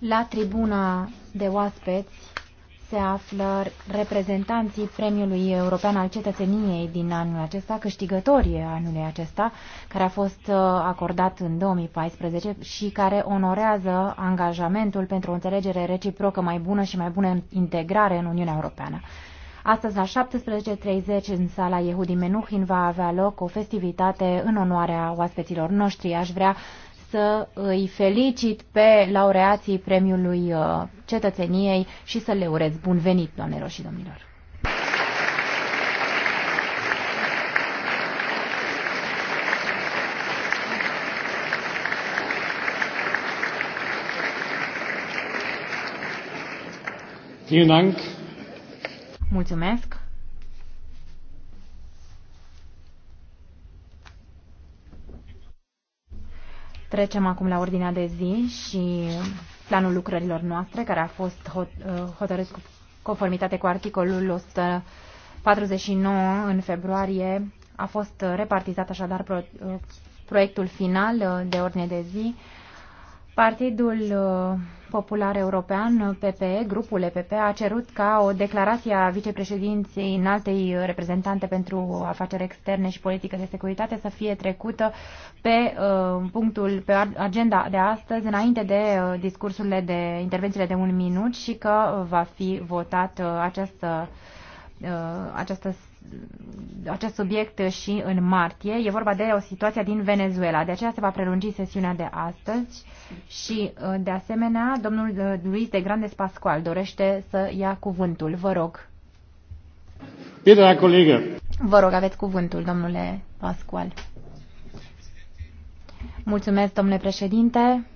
La tribuna de oaspeți se află reprezentanții Premiului European al Cetățeniei din anul acesta, câștigătorii anului acesta, care a fost uh, acordat în 2014 și care onorează angajamentul pentru o înțelegere reciprocă mai bună și mai bună integrare în Uniunea Europeană. Astăzi, la 17.30, în sala Yehudi Menuhin, va avea loc o festivitate în onoarea oaspeților noștri. Aș vrea să îi felicit pe laureații Premiului uh, Cetățeniei și să le urez bun venit, doamnelor și domnilor. Mulțumesc. Trecem acum la ordinea de zi și planul lucrărilor noastre, care a fost hotărât cu conformitate cu articolul 149 în februarie. A fost repartizat așadar proiectul final de ordine de zi Partidul uh, Popular European, PPE, grupul EPP, a cerut ca o declarație a vicepreședinței înaltei reprezentante pentru afaceri externe și politică de securitate să fie trecută pe uh, punctul, pe agenda de astăzi, înainte de uh, discursurile de intervențiile de un minut și că va fi votat această, această acest subiect și în martie. E vorba de o situație din Venezuela. De aceea se va prelungi sesiunea de astăzi și, uh, de asemenea, domnul uh, Luis de Grandes Pascual dorește să ia cuvântul. Vă rog. Bine, colegă. Vă rog, aveți cuvântul, domnule Pascual. Mulțumesc, domnule președinte.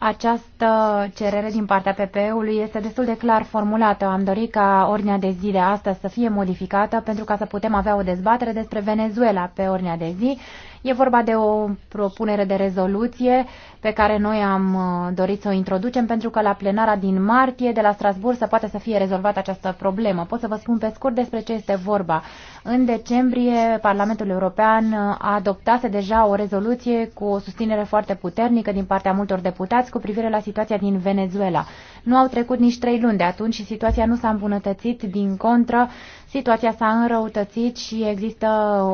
Această cerere din partea PPE-ului este destul de clar formulată. Am dorit ca ordinea de zi de astăzi să fie modificată pentru ca să putem avea o dezbatere despre Venezuela pe ordinea de zi. E vorba de o propunere de rezoluție pe care noi am uh, dorit să o introducem pentru că la plenara din martie de la Strasburg să poate să fie rezolvată această problemă. Pot să vă spun pe scurt despre ce este vorba. În decembrie, Parlamentul European uh, a adoptase deja o rezoluție cu o susținere foarte puternică din partea multor deputați cu privire la situația din Venezuela. Nu au trecut nici trei luni de atunci și situația nu s-a îmbunătățit, din contră, situația s-a înrăutățit și există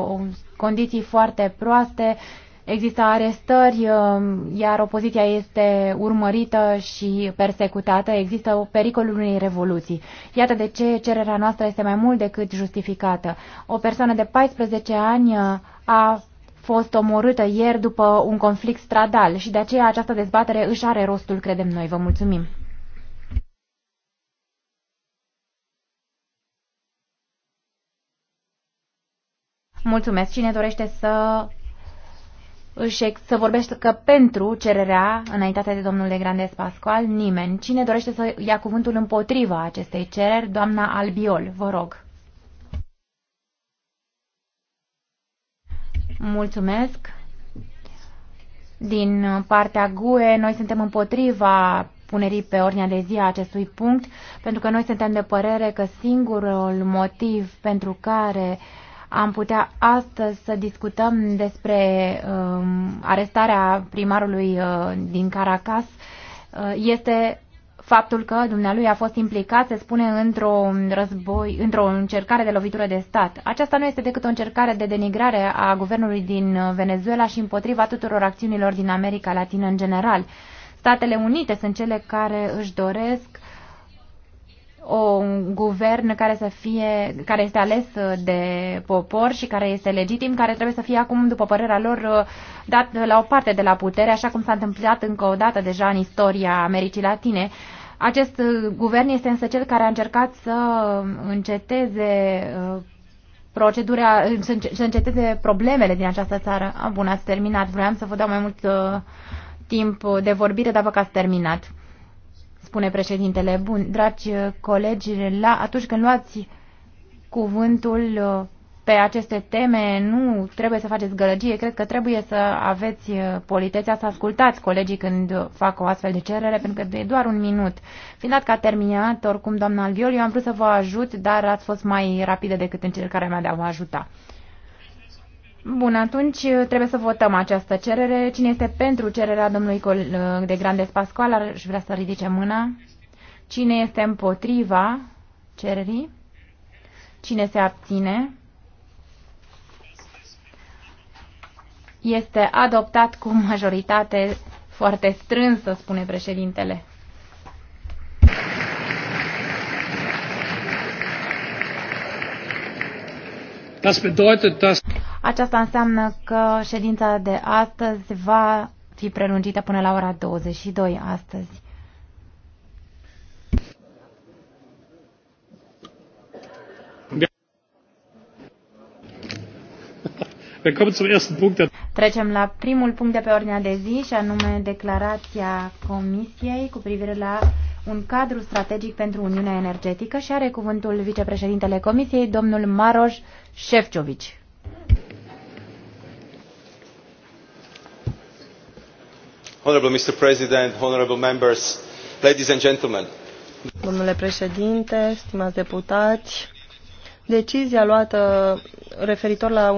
um, condiții foarte proaste, există arestări, um, iar opoziția este urmărită și persecutată, există pericolul unei revoluții. Iată de ce cererea noastră este mai mult decât justificată. O persoană de 14 ani uh, a fost omorâtă ieri după un conflict stradal și de aceea această dezbatere își are rostul, credem noi. Vă mulțumim! Mulțumesc. Cine dorește să își, să vorbească pentru cererea înaintată de domnul Legrandes Pascual? Nimeni. Cine dorește să ia cuvântul împotriva acestei cereri? Doamna Albiol, vă rog. Mulțumesc. Din partea GUE, noi suntem împotriva punerii pe ordinea de zi a acestui punct, pentru că noi suntem de părere că singurul motiv pentru care am putea astăzi să discutăm despre um, arestarea primarului uh, din Caracas uh, este Faptul că dumnealui a fost implicat se spune într o război, într-o încercare de lovitură de stat. Aceasta nu este decât o încercare de denigrare a guvernului din Venezuela și împotriva tuturor acțiunilor din America Latină în general. Statele Unite sunt cele care își doresc un guvern care să fie, care este ales uh, de popor și care este legitim, care trebuie să fie acum, după părerea lor, uh, dat la o parte de la putere, așa cum s-a întâmplat încă o dată deja în istoria Americii Latine. Acest uh, guvern este însă cel care a încercat să înceteze procedura, să înceteze problemele din această țară. Ah, bun, ați terminat. Vreau să vă dau mai mult timp de vorbire, dar vă că ați terminat spune președintele. Bun, dragi uh, colegi, la, atunci când luați cuvântul uh, pe aceste teme, nu trebuie să faceți gălăgie, cred că trebuie să aveți uh, politețea să ascultați colegii când fac o astfel de cerere, pentru că e doar un minut. Fiind dat că a terminat, oricum, doamna Alviol, eu am vrut să vă ajut, dar ați fost mai rapide decât încercarea mea de a vă ajuta. Bun, atunci uh, trebuie să votăm această cerere. Cine este pentru cererea domnului uh, de Grandes Pascual Aș vrea să ridice mâna. Cine este împotriva cererii? Cine se abține? Este adoptat cu majoritate foarte strânsă, spune președintele. Das bedeutet, dass aceasta înseamnă că ședința de astăzi va fi prelungită până la ora 22 astăzi. Trecem la primul punct de pe ordinea de zi și anume declarația Comisiei cu privire la un cadru strategic pentru Uniunea Energetică și are cuvântul vicepreședintele Comisiei, domnul Maroș Șefciovici. Mr. President, members, ladies and gentlemen. Domnule președinte, stimați deputați, decizia luată referitor la